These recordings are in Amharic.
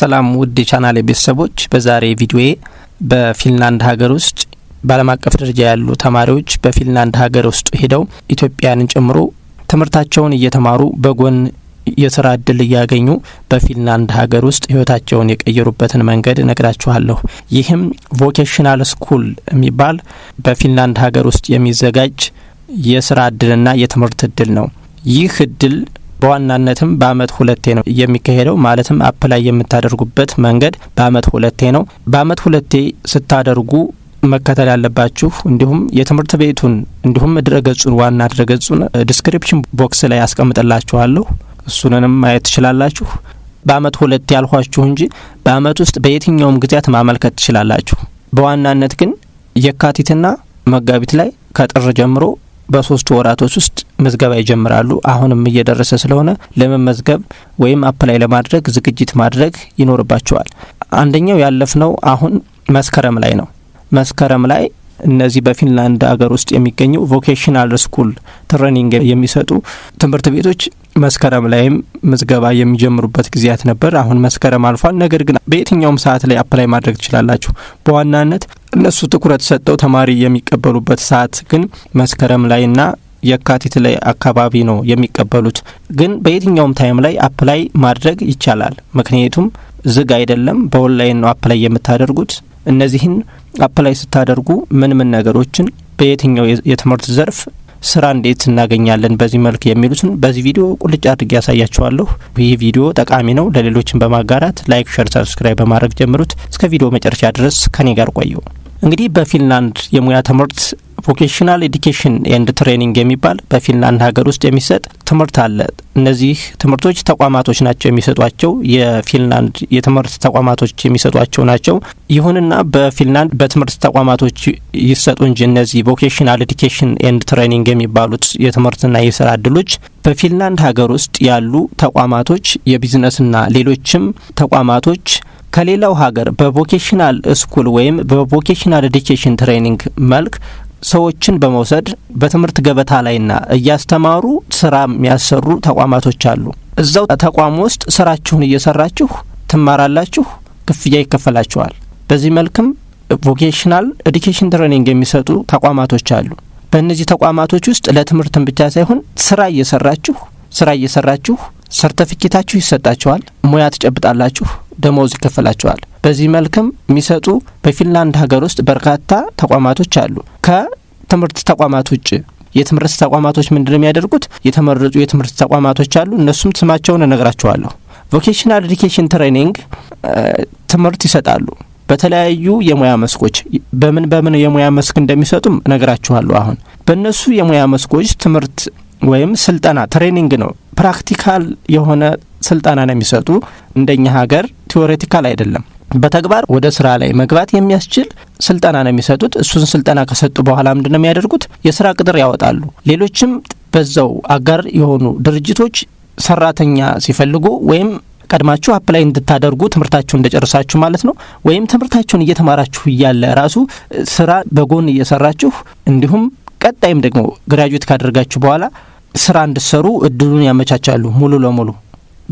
ሰላም ውድ የቻናል ቤተሰቦች፣ በዛሬ ቪዲዮዬ በፊንላንድ ሀገር ውስጥ በዓለም አቀፍ ደረጃ ያሉ ተማሪዎች በፊንላንድ ሀገር ውስጥ ሄደው ኢትዮጵያንን ጨምሮ ትምህርታቸውን እየተማሩ በጎን የስራ እድል እያገኙ በፊንላንድ ሀገር ውስጥ ህይወታቸውን የቀየሩበትን መንገድ እነግራችኋለሁ። ይህም ቮኬሽናል ስኩል የሚባል በፊንላንድ ሀገር ውስጥ የሚዘጋጅ የስራ እድልና የትምህርት እድል ነው። ይህ እድል በዋናነትም በአመት ሁለቴ ነው የሚካሄደው። ማለትም አፕላይ የምታደርጉበት መንገድ በአመት ሁለቴ ነው። በአመት ሁለቴ ስታደርጉ መከተል ያለባችሁ እንዲሁም የትምህርት ቤቱን እንዲሁም ድረገጹን ዋና ድረገጹን ዲስክሪፕሽን ቦክስ ላይ ያስቀምጥላችኋለሁ እሱንንም ማየት ትችላላችሁ። በአመት ሁለት ያልኋችሁ እንጂ በአመት ውስጥ በየትኛውም ጊዜያት ማመልከት ትችላላችሁ። በዋናነት ግን የካቲትና መጋቢት ላይ ከጥር ጀምሮ በሶስት ወራቶች ውስጥ ምዝገባ ይጀምራሉ። አሁንም እየደረሰ ስለሆነ ለመመዝገብ ወይም አፕላይ ለማድረግ ዝግጅት ማድረግ ይኖርባቸዋል። አንደኛው ያለፍነው አሁን መስከረም ላይ ነው። መስከረም ላይ እነዚህ በፊንላንድ ሀገር ውስጥ የሚገኙ ቮኬሽናል ስኩል ትሬኒንግ የሚሰጡ ትምህርት ቤቶች መስከረም ላይም ምዝገባ የሚጀምሩበት ጊዜያት ነበር። አሁን መስከረም አልፏል። ነገር ግን በየትኛውም ሰዓት ላይ አፕላይ ማድረግ ትችላላችሁ። በዋናነት እነሱ ትኩረት ሰጠው ተማሪ የሚቀበሉበት ሰዓት ግን መስከረም ላይና የካቲት ላይ አካባቢ ነው የሚቀበሉት። ግን በየትኛውም ታይም ላይ አፕላይ ማድረግ ይቻላል። ምክንያቱም ዝግ አይደለም። በኦንላይን ነው አፕላይ የምታደርጉት። እነዚህን አፕላይ ስታደርጉ ምን ምን ነገሮችን በየትኛው የትምህርት ዘርፍ ስራ እንዴት እናገኛለን በዚህ መልክ የሚሉትን በዚህ ቪዲዮ ቁልጭ አድርጌ ያሳያችኋለሁ። ይህ ቪዲዮ ጠቃሚ ነው። ለሌሎችን በማጋራት ላይክ፣ ሸር፣ ሰብስክራይብ በማድረግ ጀምሩት። እስከ ቪዲዮ መጨረሻ ድረስ ከኔ ጋር ቆየው። እንግዲህ በፊንላንድ የሙያ ትምህርት ቮኬሽናል ኤዲኬሽን ኤንድ ትሬኒንግ የሚባል በፊንላንድ ሀገር ውስጥ የሚሰጥ ትምህርት አለ። እነዚህ ትምህርቶች ተቋማቶች ናቸው የሚሰጧቸው፣ የፊንላንድ የትምህርት ተቋማቶች የሚሰጧቸው ናቸው። ይሁንና በፊንላንድ በትምህርት ተቋማቶች ይሰጡ እንጂ እነዚህ ቮኬሽናል ኤዲኬሽን ኤንድ ትሬኒንግ የሚባሉት የትምህርትና የስራ እድሎች በፊንላንድ ሀገር ውስጥ ያሉ ተቋማቶች የቢዝነስና ሌሎችም ተቋማቶች ከሌላው ሀገር በቮኬሽናል ስኩል ወይም በቮኬሽናል ኤዲኬሽን ትሬኒንግ መልክ ሰዎችን በመውሰድ በትምህርት ገበታ ላይና እያስተማሩ ስራ የሚያሰሩ ተቋማቶች አሉ። እዛው ተቋም ውስጥ ስራችሁን እየሰራችሁ ትማራላችሁ፣ ክፍያ ይከፈላችኋል። በዚህ መልክም ቮኬሽናል ኤዲኬሽን ትሬኒንግ የሚሰጡ ተቋማቶች አሉ። በእነዚህ ተቋማቶች ውስጥ ለትምህርትን ብቻ ሳይሆን ስራ እየሰራችሁ ስራ እየሰራችሁ ሰርተፊኬታችሁ ይሰጣችኋል፣ ሙያ ትጨብጣላችሁ። ደሞዝ ይከፈላቸዋል። በዚህ መልክም የሚሰጡ በፊንላንድ ሀገር ውስጥ በርካታ ተቋማቶች አሉ። ከትምህርት ተቋማት ውጭ የትምህርት ተቋማቶች ምንድን ነው የሚያደርጉት? የተመረጡ የትምህርት ተቋማቶች አሉ። እነሱም ስማቸውን እነግራቸዋለሁ። ቮኬሽናል ኤዲኬሽን ትሬኒንግ ትምህርት ይሰጣሉ። በተለያዩ የሙያ መስኮች በምን በምን የሙያ መስክ እንደሚሰጡም እነግራችኋለሁ። አሁን በእነሱ የሙያ መስኮች ትምህርት ወይም ስልጠና ትሬኒንግ ነው። ፕራክቲካል የሆነ ስልጠና ነው የሚሰጡ። እንደኛ ሀገር ቲዎሬቲካል አይደለም። በተግባር ወደ ስራ ላይ መግባት የሚያስችል ስልጠና ነው የሚሰጡት። እሱን ስልጠና ከሰጡ በኋላ ምንድን ነው የሚያደርጉት? የስራ ቅጥር ያወጣሉ። ሌሎችም በዛው አጋር የሆኑ ድርጅቶች ሰራተኛ ሲፈልጉ ወይም ቀድማችሁ አፕላይ እንድታደርጉ ትምህርታችሁን እንደጨርሳችሁ ማለት ነው። ወይም ትምህርታችሁን እየተማራችሁ እያለ ራሱ ስራ በጎን እየሰራችሁ እንዲሁም ቀጣይም ደግሞ ግራጁዌት ካደረጋችሁ በኋላ ስራ እንድሰሩ እድሉን ያመቻቻሉ ሙሉ ለሙሉ።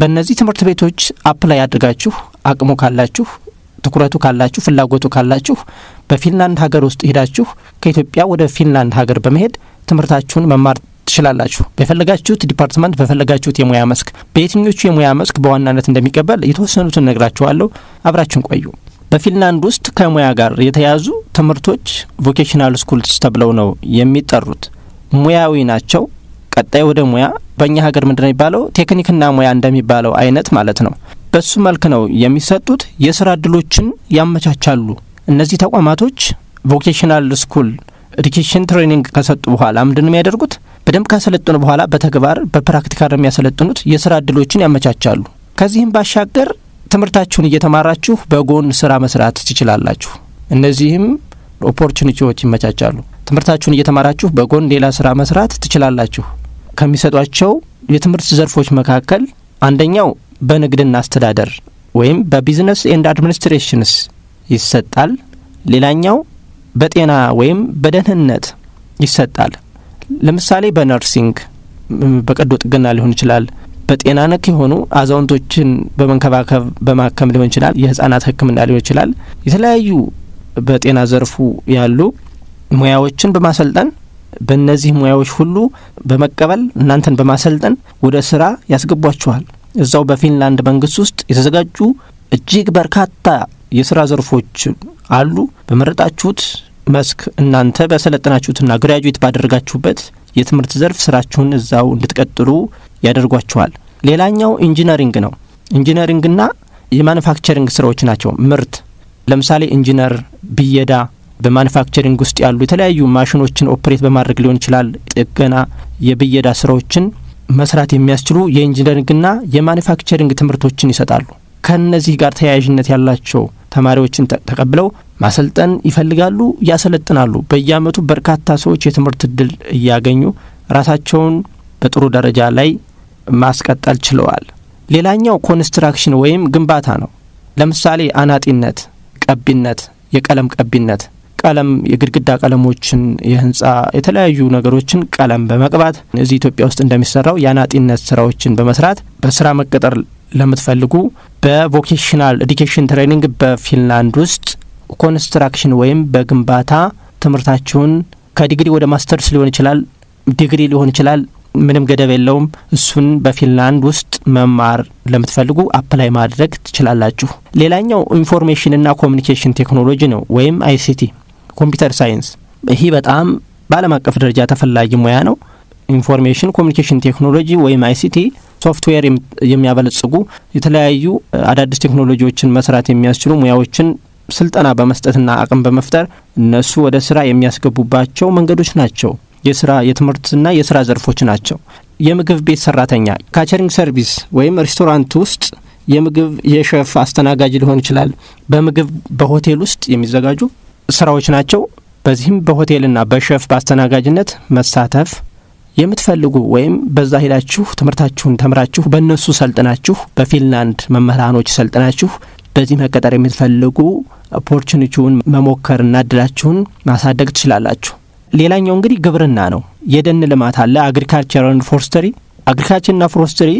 በእነዚህ ትምህርት ቤቶች አፕላይ አድርጋችሁ አቅሙ ካላችሁ ትኩረቱ ካላችሁ ፍላጎቱ ካላችሁ በፊንላንድ ሀገር ውስጥ ሄዳችሁ ከኢትዮጵያ ወደ ፊንላንድ ሀገር በመሄድ ትምህርታችሁን መማር ትችላላችሁ። በፈለጋችሁት ዲፓርትመንት፣ በፈለጋችሁት የሙያ መስክ። በየትኞቹ የሙያ መስክ በዋናነት እንደሚቀበል የተወሰኑትን ነግራችኋለሁ። አብራችሁን ቆዩ። በፊንላንድ ውስጥ ከሙያ ጋር የተያዙ ትምህርቶች ቮኬሽናል ስኩልስ ተብለው ነው የሚጠሩት። ሙያዊ ናቸው፣ ቀጣይ ወደ ሙያ በእኛ ሀገር ምንድነው የሚባለው ቴክኒክና ሙያ እንደሚባለው አይነት ማለት ነው። በሱ መልክ ነው የሚሰጡት። የስራ እድሎችን ያመቻቻሉ። እነዚህ ተቋማቶች ቮኬሽናል ስኩል ኤዲኬሽን ትሬኒንግ ከሰጡ በኋላ ምንድን የሚያደርጉት በደንብ ካሰለጠኑ በኋላ በተግባር በፕራክቲካል የሚያሰለጥኑት የስራ እድሎችን ያመቻቻሉ። ከዚህም ባሻገር ትምህርታችሁን እየተማራችሁ በጎን ስራ መስራት ትችላላችሁ። እነዚህም ኦፖርቹኒቲዎች ይመቻቻሉ። ትምህርታችሁን እየተማራችሁ በጎን ሌላ ስራ መስራት ትችላላችሁ። ከሚሰጧቸው የትምህርት ዘርፎች መካከል አንደኛው በንግድና አስተዳደር ወይም በቢዝነስ ኤንድ አድሚኒስትሬሽንስ ይሰጣል። ሌላኛው በጤና ወይም በደህንነት ይሰጣል። ለምሳሌ በነርሲንግ፣ በቀዶ ጥገና ሊሆን ይችላል። በጤና ነክ የሆኑ አዛውንቶችን በመንከባከብ በማከም ሊሆን ይችላል። የህጻናት ሕክምና ሊሆን ይችላል። የተለያዩ በጤና ዘርፉ ያሉ ሙያዎችን በማሰልጠን በእነዚህ ሙያዎች ሁሉ በመቀበል እናንተን በማሰልጠን ወደ ስራ ያስገቧችኋል። እዛው በፊንላንድ መንግስት ውስጥ የተዘጋጁ እጅግ በርካታ የስራ ዘርፎች አሉ። በመረጣችሁት መስክ እናንተ በሰለጠናችሁትና ግራጁዌት ባደረጋችሁበት የትምህርት ዘርፍ ስራችሁን እዛው እንድትቀጥሉ ያደርጓችኋል። ሌላኛው ኢንጂነሪንግ ነው። ኢንጂነሪንግና የማኑፋክቸሪንግ ስራዎች ናቸው። ምርት ለምሳሌ ኢንጂነር ብየዳ በማኑፋክቸሪንግ ውስጥ ያሉ የተለያዩ ማሽኖችን ኦፕሬት በማድረግ ሊሆን ይችላል። ጥገና፣ የብየዳ ስራዎችን መስራት የሚያስችሉ የኢንጂነሪንግና የማኑፋክቸሪንግ ትምህርቶችን ይሰጣሉ። ከእነዚህ ጋር ተያያዥነት ያላቸው ተማሪዎችን ተቀብለው ማሰልጠን ይፈልጋሉ፣ ያሰለጥናሉ። በየአመቱ በርካታ ሰዎች የትምህርት እድል እያገኙ ራሳቸውን በጥሩ ደረጃ ላይ ማስቀጠል ችለዋል። ሌላኛው ኮንስትራክሽን ወይም ግንባታ ነው። ለምሳሌ አናጢነት፣ ቀቢነት፣ የቀለም ቀቢነት ቀለም የግድግዳ ቀለሞችን የህንጻ የተለያዩ ነገሮችን ቀለም በመቅባት እዚህ ኢትዮጵያ ውስጥ እንደሚሰራው የአናጢነት ስራዎችን በመስራት በስራ መቀጠር ለምትፈልጉ በቮኬሽናል ኤዲኬሽን ትሬኒንግ በፊንላንድ ውስጥ ኮንስትራክሽን ወይም በግንባታ ትምህርታችሁን ከዲግሪ ወደ ማስተርስ ሊሆን ይችላል፣ ዲግሪ ሊሆን ይችላል፣ ምንም ገደብ የለውም። እሱን በፊንላንድ ውስጥ መማር ለምትፈልጉ አፕላይ ማድረግ ትችላላችሁ። ሌላኛው ኢንፎርሜሽንና ኮሚኒኬሽን ቴክኖሎጂ ነው ወይም አይሲቲ ኮምፒውተር ሳይንስ ይህ በጣም በዓለም አቀፍ ደረጃ ተፈላጊ ሙያ ነው። ኢንፎርሜሽን ኮሚኒኬሽን ቴክኖሎጂ ወይም አይሲቲ ሶፍትዌር የሚያበለጽጉ የተለያዩ አዳዲስ ቴክኖሎጂዎችን መስራት የሚያስችሉ ሙያዎችን ስልጠና በመስጠትና አቅም በመፍጠር እነሱ ወደ ስራ የሚያስገቡባቸው መንገዶች ናቸው። የስራ የትምህርትና የስራ ዘርፎች ናቸው። የምግብ ቤት ሰራተኛ ካቸሪንግ ሰርቪስ ወይም ሬስቶራንት ውስጥ የምግብ የሸፍ አስተናጋጅ ሊሆን ይችላል። በምግብ በሆቴል ውስጥ የሚዘጋጁ ስራዎች ናቸው። በዚህም በሆቴልና በሸፍ በአስተናጋጅነት መሳተፍ የምትፈልጉ ወይም በዛ ሄዳችሁ ትምህርታችሁን ተምራችሁ በእነሱ ሰልጥናችሁ በፊንላንድ መምህራኖች ሰልጥናችሁ በዚህ መቀጠር የምትፈልጉ ኦፖርቹኒቲውን መሞከርና እድላችሁን ማሳደግ ትችላላችሁ። ሌላኛው እንግዲህ ግብርና ነው። የደን ልማት አለ፣ አግሪካልቸራል ፎርስተሪ። አግሪካልቸርና ፎርስተሪ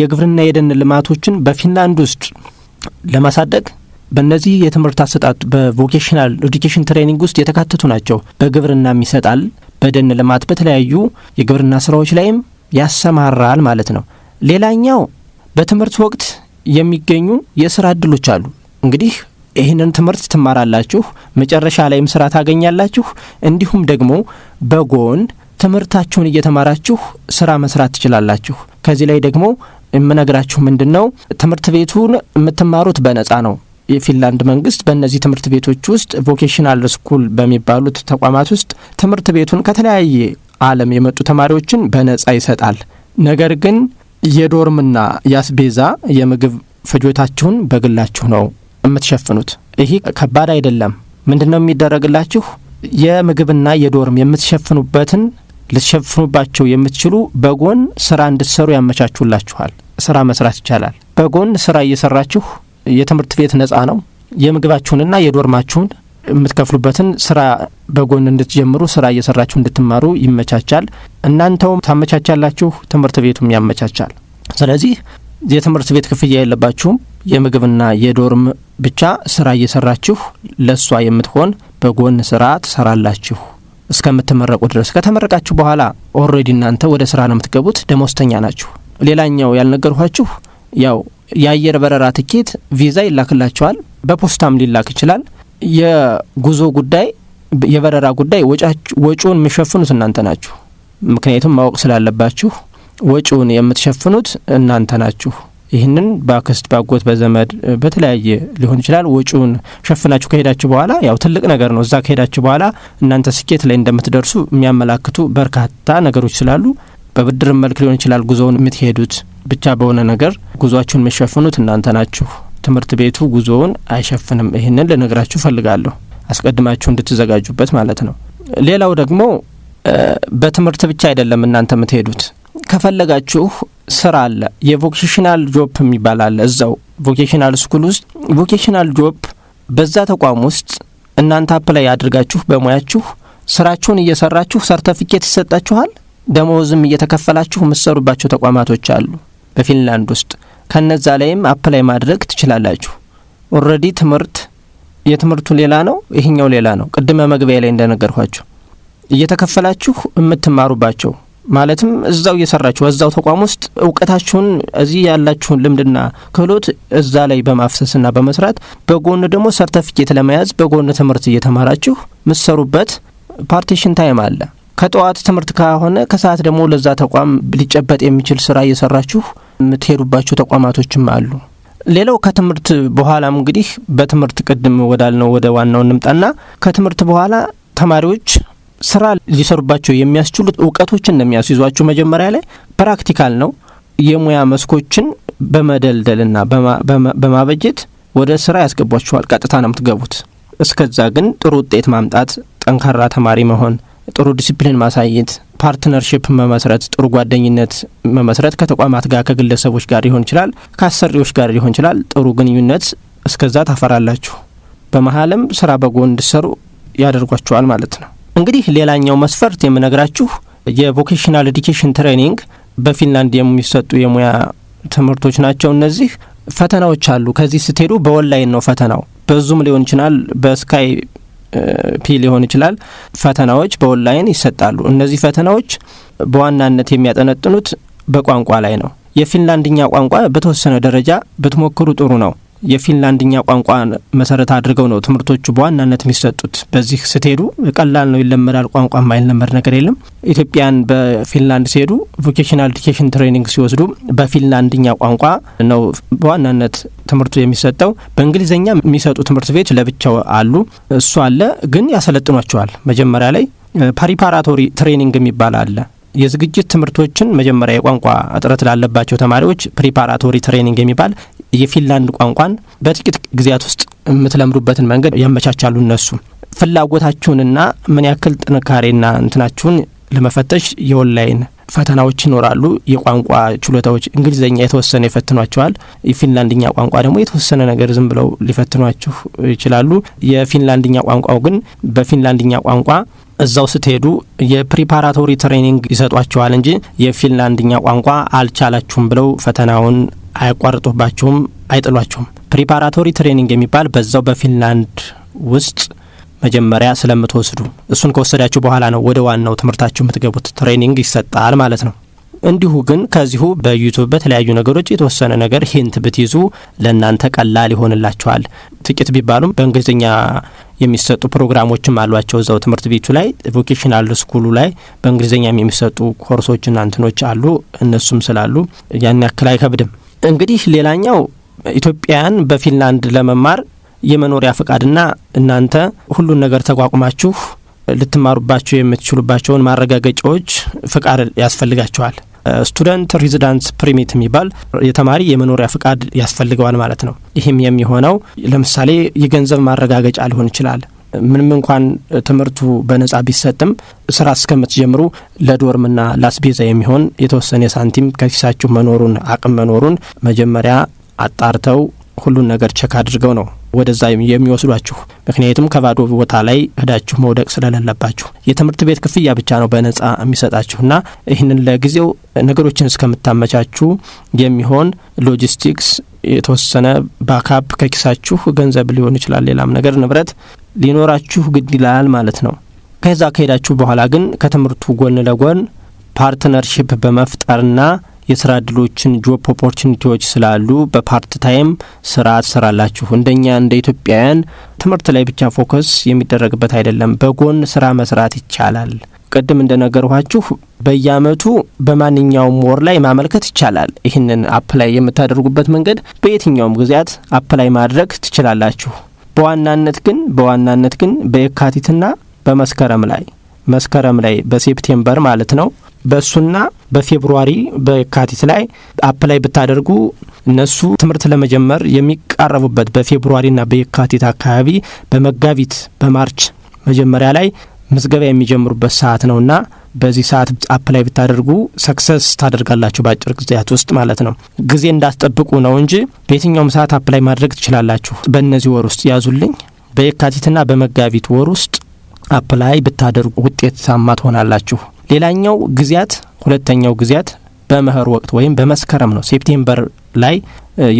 የግብርና የደን ልማቶችን በፊንላንድ ውስጥ ለማሳደግ በእነዚህ የትምህርት አሰጣጥ በቮኬሽናል ኤዱኬሽን ትሬኒንግ ውስጥ የተካተቱ ናቸው። በግብርናም ይሰጣል፣ በደን ልማት፣ በተለያዩ የግብርና ስራዎች ላይም ያሰማራል ማለት ነው። ሌላኛው በትምህርት ወቅት የሚገኙ የስራ እድሎች አሉ። እንግዲህ ይህንን ትምህርት ትማራላችሁ፣ መጨረሻ ላይም ስራ ታገኛላችሁ። እንዲሁም ደግሞ በጎን ትምህርታችሁን እየተማራችሁ ስራ መስራት ትችላላችሁ። ከዚህ ላይ ደግሞ የምነግራችሁ ምንድን ነው፣ ትምህርት ቤቱን የምትማሩት በነጻ ነው። የፊንላንድ መንግስት በእነዚህ ትምህርት ቤቶች ውስጥ ቮኬሽናል ስኩል በሚባሉት ተቋማት ውስጥ ትምህርት ቤቱን ከተለያየ ዓለም የመጡ ተማሪዎችን በነጻ ይሰጣል። ነገር ግን የዶርምና የአስቤዛ የምግብ ፍጆታችሁን በግላችሁ ነው የምትሸፍኑት። ይሄ ከባድ አይደለም። ምንድን ነው የሚደረግላችሁ? የምግብና የዶርም የምትሸፍኑበትን ልትሸፍኑባቸው የምትችሉ በጎን ስራ እንድትሰሩ ያመቻችሁላችኋል። ስራ መስራት ይቻላል። በጎን ስራ እየሰራችሁ የትምህርት ቤት ነጻ ነው። የምግባችሁንና የዶርማችሁን የምትከፍሉበትን ስራ በጎን እንድትጀምሩ ስራ እየሰራችሁ እንድትማሩ ይመቻቻል። እናንተውም ታመቻቻላችሁ፣ ትምህርት ቤቱም ያመቻቻል። ስለዚህ የትምህርት ቤት ክፍያ የለባችሁም። የምግብና የዶርም ብቻ ስራ እየሰራችሁ ለእሷ የምትሆን በጎን ስራ ትሰራላችሁ እስከምትመረቁ ድረስ። ከተመረቃችሁ በኋላ ኦልሬዲ እናንተ ወደ ስራ ነው የምትገቡት፣ ደሞዝተኛ ናችሁ። ሌላኛው ያልነገርኋችሁ ያው የአየር በረራ ትኬት ቪዛ ይላክላቸዋል። በፖስታም ሊላክ ይችላል። የጉዞ ጉዳይ፣ የበረራ ጉዳይ ወጪውን የሚሸፍኑት እናንተ ናችሁ። ምክንያቱም ማወቅ ስላለባችሁ ወጪውን የምትሸፍኑት እናንተ ናችሁ። ይህንን በአክስት በአጎት በዘመድ በተለያየ ሊሆን ይችላል። ወጪውን ሸፍናችሁ ከሄዳችሁ በኋላ ያው ትልቅ ነገር ነው። እዛ ከሄዳችሁ በኋላ እናንተ ስኬት ላይ እንደምትደርሱ የሚያመላክቱ በርካታ ነገሮች ስላሉ በብድር መልክ ሊሆን ይችላል ጉዞውን የምትሄዱት ብቻ በሆነ ነገር ጉዟችሁን የሚሸፍኑት እናንተ ናችሁ። ትምህርት ቤቱ ጉዞውን አይሸፍንም። ይህንን ልነግራችሁ ፈልጋለሁ፣ አስቀድማችሁ እንድትዘጋጁበት ማለት ነው። ሌላው ደግሞ በትምህርት ብቻ አይደለም እናንተ የምትሄዱት። ከፈለጋችሁ ስራ አለ፣ የቮኬሽናል ጆፕ የሚባል አለ። እዛው ቮኬሽናል ስኩል ውስጥ ቮኬሽናል ጆፕ በዛ ተቋም ውስጥ እናንተ አፕላይ አድርጋችሁ በሙያችሁ ስራችሁን እየሰራችሁ ሰርተፊኬት ይሰጣችኋል። ደሞዝም እየተከፈላችሁ የምትሰሩባቸው ተቋማቶች አሉ። በፊንላንድ ውስጥ ከነዛ ላይም አፕላይ ማድረግ ትችላላችሁ። ኦልሬዲ ትምህርት የትምህርቱ ሌላ ነው፣ ይህኛው ሌላ ነው። ቅድመ መግቢያ ላይ እንደነገርኳችሁ እየተከፈላችሁ የምትማሩባቸው ማለትም እዛው እየሰራችሁ እዛው ተቋም ውስጥ እውቀታችሁን እዚህ ያላችሁን ልምድና ክህሎት እዛ ላይ በማፍሰስና በመስራት በጎን ደግሞ ሰርተፊኬት ለመያዝ በጎን ትምህርት እየተማራችሁ ምትሰሩበት ፓርቲሽን ታይም አለ። ከጠዋት ትምህርት ከሆነ ከሰዓት ደግሞ ለዛ ተቋም ሊጨበጥ የሚችል ስራ እየሰራችሁ የምትሄዱባቸው ተቋማቶችም አሉ። ሌላው ከትምህርት በኋላም እንግዲህ በትምህርት ቅድም ወዳልነው ወደ ዋናው እንምጣና ከትምህርት በኋላ ተማሪዎች ስራ ሊሰሩባቸው የሚያስችሉት እውቀቶችን እንደሚያስይዟቸው መጀመሪያ ላይ ፕራክቲካል ነው። የሙያ መስኮችን በመደልደልና በማበጀት ወደ ስራ ያስገቧችኋል። ቀጥታ ነው የምትገቡት። እስከዛ ግን ጥሩ ውጤት ማምጣት፣ ጠንካራ ተማሪ መሆን፣ ጥሩ ዲሲፕሊን ማሳየት ፓርትነርሽፕ መመስረት፣ ጥሩ ጓደኝነት መመስረት ከተቋማት ጋር ከግለሰቦች ጋር ሊሆን ይችላል፣ ከአሰሪዎች ጋር ሊሆን ይችላል። ጥሩ ግንኙነት እስከዛ ታፈራላችሁ። በመሀልም ስራ በጎን እንድሰሩ ያደርጓቸዋል ማለት ነው። እንግዲህ ሌላኛው መስፈርት የምነግራችሁ የቮኬሽናል ኤዲኬሽን ትሬኒንግ በፊንላንድ የሚሰጡ የሙያ ትምህርቶች ናቸው። እነዚህ ፈተናዎች አሉ። ከዚህ ስትሄዱ በኦንላይን ነው ፈተናው። በዙም ሊሆን ይችላል፣ በስካይ ፒ ሊሆን ይችላል ፈተናዎች በኦንላይን ይሰጣሉ። እነዚህ ፈተናዎች በዋናነት የሚያጠነጥኑት በቋንቋ ላይ ነው። የፊንላንድኛ ቋንቋ በተወሰነ ደረጃ ብትሞክሩ ጥሩ ነው። የፊንላንድኛ ቋንቋ መሰረት አድርገው ነው ትምህርቶቹ በዋናነት የሚሰጡት። በዚህ ስትሄዱ ቀላል ነው፣ ይለመዳል። ቋንቋ የማይለመድ ነገር የለም። ኢትዮጵያን በፊንላንድ ሲሄዱ ቮኬሽናል ዲኬሽን ትሬኒንግ ሲወስዱ በፊንላንድኛ ቋንቋ ነው በዋናነት ትምህርቱ የሚሰጠው። በእንግሊዝኛ የሚሰጡ ትምህርት ቤት ለብቻው አሉ፣ እሱ አለ። ግን ያሰለጥኗቸዋል። መጀመሪያ ላይ ፓሪፓራቶሪ ትሬኒንግ የሚባል አለ የዝግጅት ትምህርቶችን መጀመሪያ የቋንቋ እጥረት ላለባቸው ተማሪዎች ፕሪፓራቶሪ ትሬኒንግ የሚባል የፊንላንድ ቋንቋን በጥቂት ጊዜያት ውስጥ የምትለምዱበትን መንገድ ያመቻቻሉ። እነሱ ፍላጎታችሁንና ምን ያክል ጥንካሬና እንትናችሁን ለመፈተሽ የኦንላይን ፈተናዎች ይኖራሉ። የቋንቋ ችሎታዎች እንግሊዝኛ የተወሰነ ይፈትኗቸዋል። የፊንላንድኛ ቋንቋ ደግሞ የተወሰነ ነገር ዝም ብለው ሊፈትኗችሁ ይችላሉ። የፊንላንድኛ ቋንቋው ግን በፊንላንድኛ ቋንቋ እዛው ስትሄዱ የፕሪፓራቶሪ ትሬኒንግ ይሰጧቸዋል እንጂ የፊንላንድኛ ቋንቋ አልቻላችሁም ብለው ፈተናውን አያቋርጡባችሁም፣ አይጥሏችሁም። ፕሪፓራቶሪ ትሬኒንግ የሚባል በዛው በፊንላንድ ውስጥ መጀመሪያ ስለምትወስዱ እሱን ከወሰዳችሁ በኋላ ነው ወደ ዋናው ትምህርታችሁ የምትገቡት። ትሬኒንግ ይሰጣል ማለት ነው። እንዲሁ ግን ከዚሁ በዩቱብ በተለያዩ ነገሮች የተወሰነ ነገር ሂንት ብትይዙ ለእናንተ ቀላል ይሆንላችኋል። ጥቂት ቢባሉም በእንግሊዝኛ የሚሰጡ ፕሮግራሞችም አሏቸው። እዛው ትምህርት ቤቱ ላይ ቮኬሽናል ስኩሉ ላይ በእንግሊዝኛም የሚሰጡ ኮርሶችና እንትኖች አሉ። እነሱም ስላሉ ያን ያክል አይከብድም። እንግዲህ ሌላኛው ኢትዮጵያውያን በፊንላንድ ለመማር የመኖሪያ ፈቃድና እናንተ ሁሉን ነገር ተቋቁማችሁ ልትማሩባቸው የምትችሉባቸውን ማረጋገጫዎች ፍቃድ ያስፈልጋቸዋል። ስቱደንት ሬዚዳንስ ፕሪሚት የሚባል የተማሪ የመኖሪያ ፍቃድ ያስፈልገዋል ማለት ነው። ይህም የሚሆነው ለምሳሌ የገንዘብ ማረጋገጫ ሊሆን ይችላል። ምንም እንኳን ትምህርቱ በነጻ ቢሰጥም ስራ እስከምትጀምሩ ለዶርምና ላስቤዛ የሚሆን የተወሰነ ሳንቲም ከኪሳችሁ መኖሩን አቅም መኖሩን መጀመሪያ አጣርተው ሁሉን ነገር ቸክ አድርገው ነው ወደዛ የሚወስዷችሁ። ምክንያቱም ከባዶ ቦታ ላይ እዳችሁ መውደቅ ስለሌለባችሁ የትምህርት ቤት ክፍያ ብቻ ነው በነጻ የሚሰጣችሁና ይህንን ለጊዜው ነገሮችን እስከምታመቻችሁ የሚሆን ሎጂስቲክስ የተወሰነ ባካፕ ከኪሳችሁ ገንዘብ ሊሆን ይችላል፣ ሌላም ነገር ንብረት ሊኖራችሁ ግድ ይላል ማለት ነው። ከዛ ከሄዳችሁ በኋላ ግን ከትምህርቱ ጎን ለጎን ፓርትነርሽፕ በመፍጠርና የስራ እድሎችን ጆብ ኦፖርቹኒቲዎች ስላሉ በፓርት ታይም ስራ ትሰራላችሁ። እንደኛ እንደ ኢትዮጵያውያን ትምህርት ላይ ብቻ ፎከስ የሚደረግበት አይደለም። በጎን ስራ መስራት ይቻላል። ቅድም እንደነገርኋችሁ በየአመቱ በማንኛውም ወር ላይ ማመልከት ይቻላል። ይህንን አፕላይ የምታደርጉበት መንገድ በየትኛውም ጊዜያት አፕላይ ማድረግ ትችላላችሁ። በዋናነት ግን በዋናነት ግን በየካቲትና በመስከረም ላይ መስከረም ላይ በሴፕቴምበር ማለት ነው በእሱና በፌብሩዋሪ በየካቲት ላይ አፕላይ ብታደርጉ እነሱ ትምህርት ለመጀመር የሚቃረቡበት በፌብሩዋሪና በየካቲት አካባቢ በመጋቢት በማርች መጀመሪያ ላይ ምዝገባ የሚጀምሩበት ሰዓት ነውና በዚህ ሰዓት አፕላይ ብታደርጉ ሰክሰስ ታደርጋላችሁ፣ በአጭር ጊዜያት ውስጥ ማለት ነው። ጊዜ እንዳትጠብቁ ነው እንጂ በየትኛውም ሰዓት አፕላይ ማድረግ ትችላላችሁ። በእነዚህ ወር ውስጥ ያዙልኝ፣ በየካቲትና በመጋቢት ወር ውስጥ አፕላይ ብታደርጉ ውጤታማ ትሆናላችሁ። ሌላኛው ጊዜያት ሁለተኛው ጊዜያት በመኸር ወቅት ወይም በመስከረም ነው። ሴፕቴምበር ላይ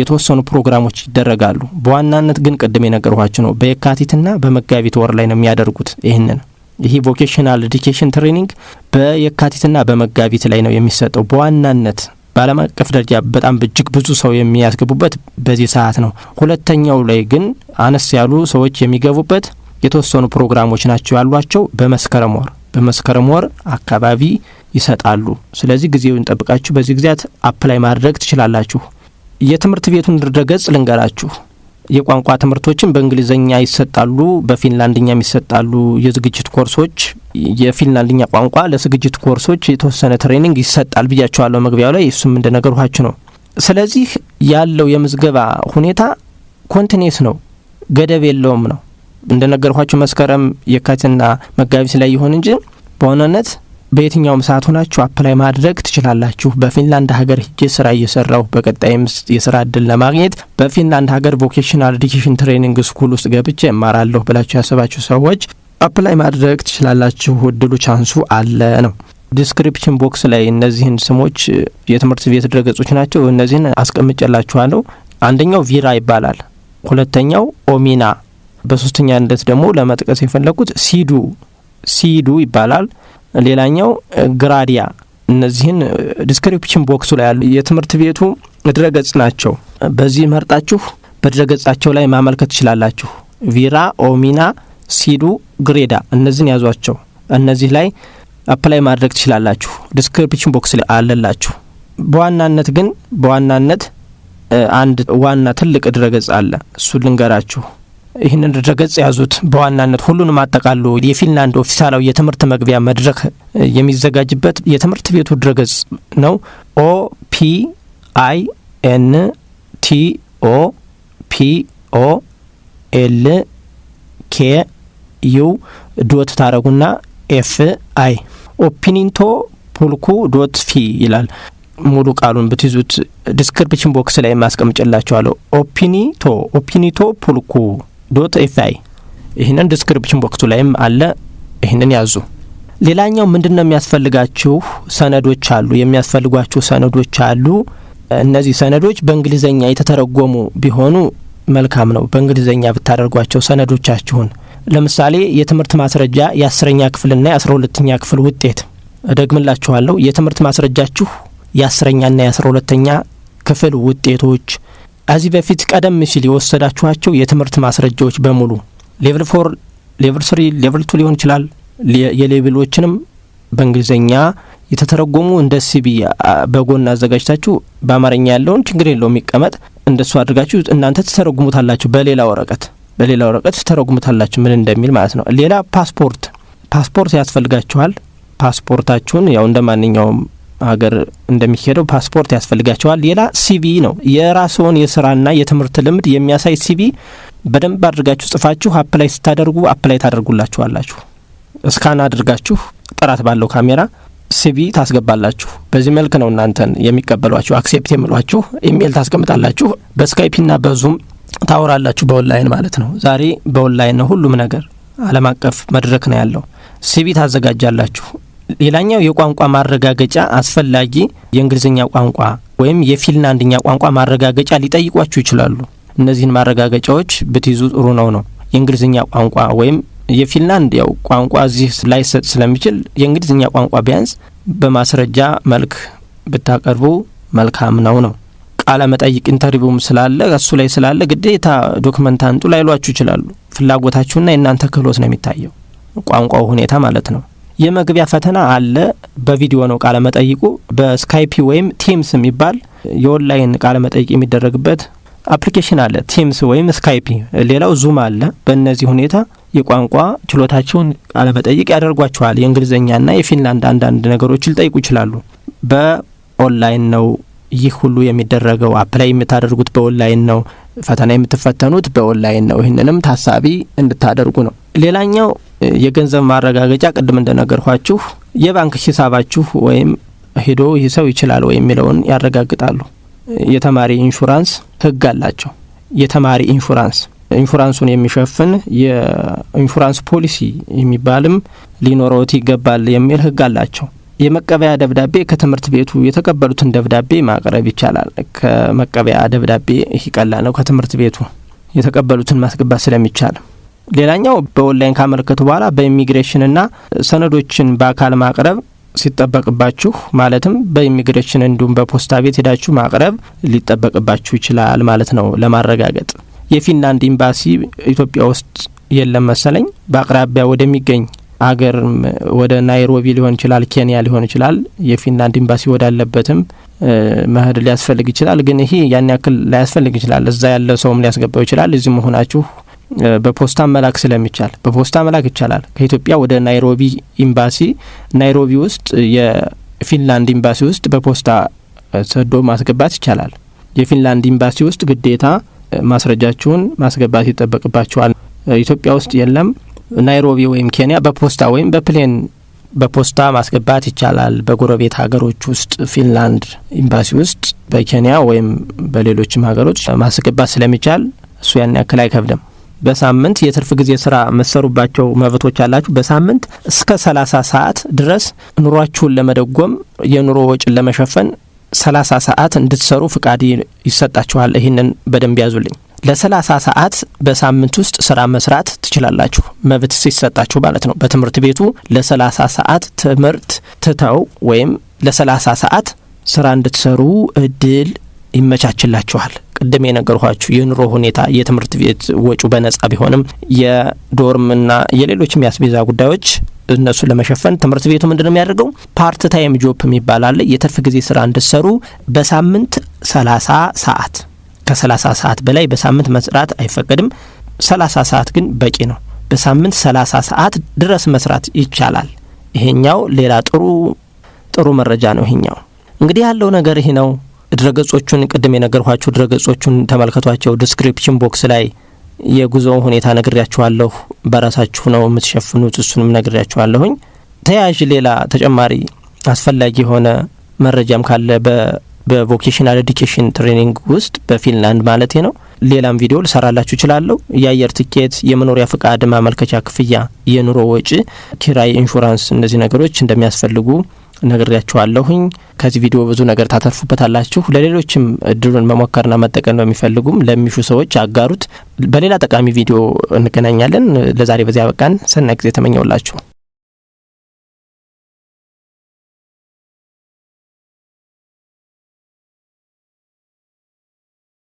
የተወሰኑ ፕሮግራሞች ይደረጋሉ። በዋናነት ግን ቅድም የነገርኋችሁ ነው፣ በየካቲትና በመጋቢት ወር ላይ ነው የሚያደርጉት ይህንን ይህ ቮኬሽናል ኤዲኬሽን ትሬኒንግ በየካቲትና በመጋቢት ላይ ነው የሚሰጠው በዋናነት በዓለም አቀፍ ደረጃ በጣም እጅግ ብዙ ሰው የሚያስገቡበት በዚህ ሰዓት ነው። ሁለተኛው ላይ ግን አነስ ያሉ ሰዎች የሚገቡበት የተወሰኑ ፕሮግራሞች ናቸው ያሏቸው በመስከረም ወር በመስከረም ወር አካባቢ ይሰጣሉ። ስለዚህ ጊዜውን ጠብቃችሁ በዚህ ጊዜያት አፕላይ ማድረግ ትችላላችሁ። የትምህርት ቤቱን ድረገጽ ልንገራችሁ። የቋንቋ ትምህርቶችን በእንግሊዝኛ ይሰጣሉ፣ በፊንላንድኛም ይሰጣሉ። የዝግጅት ኮርሶች የፊንላንድኛ ቋንቋ ለዝግጅት ኮርሶች የተወሰነ ትሬኒንግ ይሰጣል ብያቸዋለሁ መግቢያው ላይ። እሱም እንደነገርኋችሁ ነው። ስለዚህ ያለው የምዝገባ ሁኔታ ኮንቲኔስ ነው፣ ገደብ የለውም ነው እንደነገርኳችሁ መስከረም የካቲትና መጋቢት ላይ ይሆን እንጂ በዋናነት በየትኛውም ሰዓት ሆናችሁ አፕላይ ማድረግ ትችላላችሁ። በፊንላንድ ሀገር ሄጄ ስራ እየሰራሁ በቀጣይም የስራ እድል ለማግኘት በፊንላንድ ሀገር ቮኬሽናል ኤዲኬሽን ትሬኒንግ ስኩል ውስጥ ገብቼ እማራለሁ ብላችሁ ያሰባችሁ ሰዎች አፕላይ ማድረግ ትችላላችሁ። እድሉ ቻንሱ አለ ነው። ዲስክሪፕሽን ቦክስ ላይ እነዚህን ስሞች የትምህርት ቤት ድረገጾች ናቸው። እነዚህን አስቀምጨላችኋለሁ። አንደኛው ቪራ ይባላል። ሁለተኛው ኦሚና፣ በሶስተኛነት ደግሞ ለመጥቀስ የፈለኩት ሲዱ ሲዱ ይባላል። ሌላኛው ግራዲያ እነዚህን ዲስክሪፕሽን ቦክሱ ላይ ያሉ የትምህርት ቤቱ ድረገጽ ናቸው። በዚህ መርጣችሁ በድረገጻቸው ላይ ማመልከት ትችላላችሁ። ቪራ፣ ኦሚና፣ ሲዱ፣ ግሬዳ እነዚህን ያዟቸው። እነዚህ ላይ አፕላይ ማድረግ ትችላላችሁ። ዲስክሪፕሽን ቦክስ ላይ አለላችሁ። በዋናነት ግን በዋናነት አንድ ዋና ትልቅ ድረገጽ አለ። እሱ ልንገራችሁ። ይህንን ድረገጽ የያዙት በዋናነት ሁሉንም አጠቃሉ የፊንላንድ ኦፊሳላዊ የትምህርት መግቢያ መድረክ የሚዘጋጅበት የትምህርት ቤቱ ድረገጽ ነው። ኦ ፒ አይ ኤን ቲ ኦ ፒ ኦ ኤል ኬ ዩ ዶት ታረጉና ኤፍ አይ ኦፒኒንቶ ፑልኩ ዶት ፊ ይላል። ሙሉ ቃሉን ብትይዙት ዲስክሪፕሽን ቦክስ ላይ ማስቀምጭላቸዋለሁ። ኦፒኒቶ ኦፒኒቶ ፑልኩ ዶት ኤፍ አይ ይህንን ዲስክሪፕሽን ቦክሱ ላይም አለ። ይህንን ያዙ። ሌላኛው ምንድን ነው የሚያስፈልጋችሁ ሰነዶች አሉ፣ የሚያስፈልጓችሁ ሰነዶች አሉ። እነዚህ ሰነዶች በእንግሊዘኛ የተተረጎሙ ቢሆኑ መልካም ነው። በእንግሊዘኛ ብታደርጓቸው ሰነዶቻችሁን። ለምሳሌ የትምህርት ማስረጃ የአስረኛ ክፍልና የአስራ ሁለተኛ ክፍል ውጤት። እደግምላችኋለሁ። የትምህርት ማስረጃችሁ የአስረኛና የአስራ ሁለተኛ ክፍል ውጤቶች ከዚህ በፊት ቀደም ሲል የወሰዳችኋቸው የትምህርት ማስረጃዎች በሙሉ ሌቭል ፎር፣ ሌቭል ስሪ፣ ሌቭል ቱ ሊሆን ይችላል። የሌቭሎችንም በእንግሊዝኛ የተተረጎሙ እንደ ሲቢ በጎን አዘጋጅታችሁ በአማርኛ ያለውን ችግር የለውም የሚቀመጥ እንደሱ አድርጋችሁ እናንተ ትተረጉሙታላችሁ። በሌላ ወረቀት በሌላ ወረቀት ትተረጉሙታላችሁ ምን እንደሚል ማለት ነው። ሌላ ፓስፖርት ፓስፖርት ያስፈልጋችኋል። ፓስፖርታችሁን ያው እንደ ማንኛውም ሀገር እንደሚሄደው ፓስፖርት ያስፈልጋቸዋል። ሌላ ሲቪ ነው። የራስዎን የስራና የትምህርት ልምድ የሚያሳይ ሲቪ በደንብ አድርጋችሁ ጽፋችሁ አፕላይ ስታደርጉ አፕላይ ታደርጉላችኋላችሁ። እስካን አድርጋችሁ ጥራት ባለው ካሜራ ሲቪ ታስገባላችሁ። በዚህ መልክ ነው እናንተን የሚቀበሏችሁ፣ አክሴፕት የሚሏችሁ። ኢሜይል ታስቀምጣላችሁ። በስካይፒና በዙም ታወራላችሁ። በኦንላይን ማለት ነው። ዛሬ በኦንላይን ነው ሁሉም ነገር። አለም አቀፍ መድረክ ነው ያለው። ሲቪ ታዘጋጃላችሁ። ሌላኛው የቋንቋ ማረጋገጫ አስፈላጊ የእንግሊዝኛ ቋንቋ ወይም የፊንላንድኛ ቋንቋ ማረጋገጫ ሊጠይቋችሁ ይችላሉ። እነዚህን ማረጋገጫዎች ብትይዙ ጥሩ ነው ነው የእንግሊዝኛ ቋንቋ ወይም የፊንላንድ ያው ቋንቋ እዚህ ላይሰጥ ስለሚችል የእንግሊዝኛ ቋንቋ ቢያንስ በማስረጃ መልክ ብታቀርቡ መልካም ነው ነው ቃለ መጠይቅ ኢንተርቪውም ስላለ እሱ ላይ ስላለ ግዴታ ዶክመንታንጡ ላይሏችሁ ይችላሉ። ፍላጎታችሁና የእናንተ ክህሎት ነው የሚታየው ቋንቋው ሁኔታ ማለት ነው። የመግቢያ ፈተና አለ። በቪዲዮ ነው ቃለ መጠይቁ። በስካይፒ ወይም ቲምስ የሚባል የኦንላይን ቃለ መጠይቅ የሚደረግበት አፕሊኬሽን አለ፣ ቲምስ ወይም ስካይፒ። ሌላው ዙም አለ። በእነዚህ ሁኔታ የቋንቋ ችሎታቸውን ቃለ መጠይቅ ያደርጓቸዋል። የእንግሊዝኛና የፊንላንድ አንዳንድ ነገሮች ሊጠይቁ ይችላሉ። በኦንላይን ነው ይህ ሁሉ የሚደረገው። አፕላይ የምታደርጉት በኦንላይን ነው። ፈተና የምትፈተኑት በኦንላይን ነው። ይህንንም ታሳቢ እንድታደርጉ ነው። ሌላኛው የገንዘብ ማረጋገጫ ቅድም እንደነገርኳችሁ የባንክ ሂሳባችሁ ወይም ሄዶ ይህ ሰው ይችላል ወይ የሚለውን ያረጋግጣሉ። የተማሪ ኢንሹራንስ ህግ አላቸው። የተማሪ ኢንሹራንስ ኢንሹራንሱን የሚሸፍን የኢንሹራንስ ፖሊሲ የሚባልም ሊኖረውት ይገባል የሚል ህግ አላቸው። የመቀበያ ደብዳቤ ከትምህርት ቤቱ የተቀበሉትን ደብዳቤ ማቅረብ ይቻላል። ከመቀበያ ደብዳቤ ይቀላ ነው። ከትምህርት ቤቱ የተቀበሉትን ማስገባት ስለሚቻል ሌላኛው በኦንላይን ካመለከቱ በኋላ በኢሚግሬሽንና ሰነዶችን በአካል ማቅረብ ሲጠበቅባችሁ ማለትም በኢሚግሬሽን እንዲሁም በፖስታ ቤት ሄዳችሁ ማቅረብ ሊጠበቅባችሁ ይችላል ማለት ነው። ለማረጋገጥ የፊንላንድ ኤምባሲ ኢትዮጵያ ውስጥ የለም መሰለኝ። በአቅራቢያ ወደሚገኝ አገር ወደ ናይሮቢ ሊሆን ይችላል፣ ኬንያ ሊሆን ይችላል። የፊንላንድ ኤምባሲ ወዳለበትም መሄድ ሊያስፈልግ ይችላል። ግን ይሄ ያን ያክል ላያስፈልግ ይችላል። እዛ ያለ ሰውም ሊያስገባው ይችላል። እዚህ መሆናችሁ በፖስታ መላክ ስለሚቻል በፖስታ መላክ ይቻላል። ከኢትዮጵያ ወደ ናይሮቢ ኤምባሲ ናይሮቢ ውስጥ የፊንላንድ ኤምባሲ ውስጥ በፖስታ ሰዶ ማስገባት ይቻላል። የፊንላንድ ኤምባሲ ውስጥ ግዴታ ማስረጃችሁን ማስገባት ይጠበቅባችኋል። ኢትዮጵያ ውስጥ የለም። ናይሮቢ ወይም ኬንያ በፖስታ ወይም በፕሌን በፖስታ ማስገባት ይቻላል። በጎረቤት ሀገሮች ውስጥ ፊንላንድ ኤምባሲ ውስጥ በኬንያ ወይም በሌሎችም ሀገሮች ማስገባት ስለሚቻል እሱ ያን ያክል አይከብድም። በሳምንት የትርፍ ጊዜ ስራ መሰሩባቸው መብቶች አላችሁ። በሳምንት እስከ ሰላሳ ሰዓት ድረስ ኑሯችሁን ለመደጎም የኑሮ ወጪን ለመሸፈን ሰላሳ ሰዓት እንድትሰሩ ፍቃድ ይሰጣችኋል። ይህንን በደንብ ያዙልኝ። ለሰላሳ ሰዓት በሳምንት ውስጥ ስራ መስራት ትችላላችሁ፣ መብት ሲሰጣችሁ ማለት ነው። በትምህርት ቤቱ ለሰላሳ ሰዓት ትምህርት ትተው ወይም ለሰላሳ ሰዓት ስራ እንድትሰሩ እድል ይመቻችላችኋል። ቅድም የነገርኋችሁ የኑሮ ሁኔታ የትምህርት ቤት ወጪ በነጻ ቢሆንም የዶርምና የሌሎችም የአስቤዛ ጉዳዮች እነሱን ለመሸፈን ትምህርት ቤቱ ምንድን ነው የሚያደርገው? ፓርት ታይም ጆፕ የሚባል አለ። የትርፍ ጊዜ ስራ እንድሰሩ በሳምንት ሰላሳ ሰዓት ከሰላሳ ሰዓት በላይ በሳምንት መስራት አይፈቀድም። ሰላሳ ሰዓት ግን በቂ ነው። በሳምንት ሰላሳ ሰዓት ድረስ መስራት ይቻላል። ይሄኛው ሌላ ጥሩ ጥሩ መረጃ ነው። ይሄኛው እንግዲህ ያለው ነገር ይህ ነው። ድረገጾቹን ቅድም የነገርኳችሁ ድረገጾቹን ተመልከቷቸው። ዲስክሪፕሽን ቦክስ ላይ የጉዞ ሁኔታ ነግሬያችኋለሁ። በራሳችሁ ነው የምትሸፍኑት፣ እሱንም ነግሬያችኋለሁኝ። ተያያዥ ሌላ ተጨማሪ አስፈላጊ የሆነ መረጃም ካለ በቮኬሽናል ኤዲኬሽን ትሬኒንግ ውስጥ በፊንላንድ ማለት ነው ሌላም ቪዲዮ ልሰራላችሁ እችላለሁ። የአየር ትኬት፣ የመኖሪያ ፍቃድ ማመልከቻ ክፍያ፣ የኑሮ ወጪ፣ ኪራይ፣ ኢንሹራንስ እነዚህ ነገሮች እንደሚያስፈልጉ ነግሬያችኋለሁኝ። ከዚህ ቪዲዮ ብዙ ነገር ታተርፉበታላችሁ። ለሌሎችም እድሉን መሞከርና መጠቀም በሚፈልጉም ለሚሹ ሰዎች አጋሩት። በሌላ ጠቃሚ ቪዲዮ እንገናኛለን። ለዛሬ በዚያ በቃን። ሰናይ ጊዜ ተመኘውላችሁ።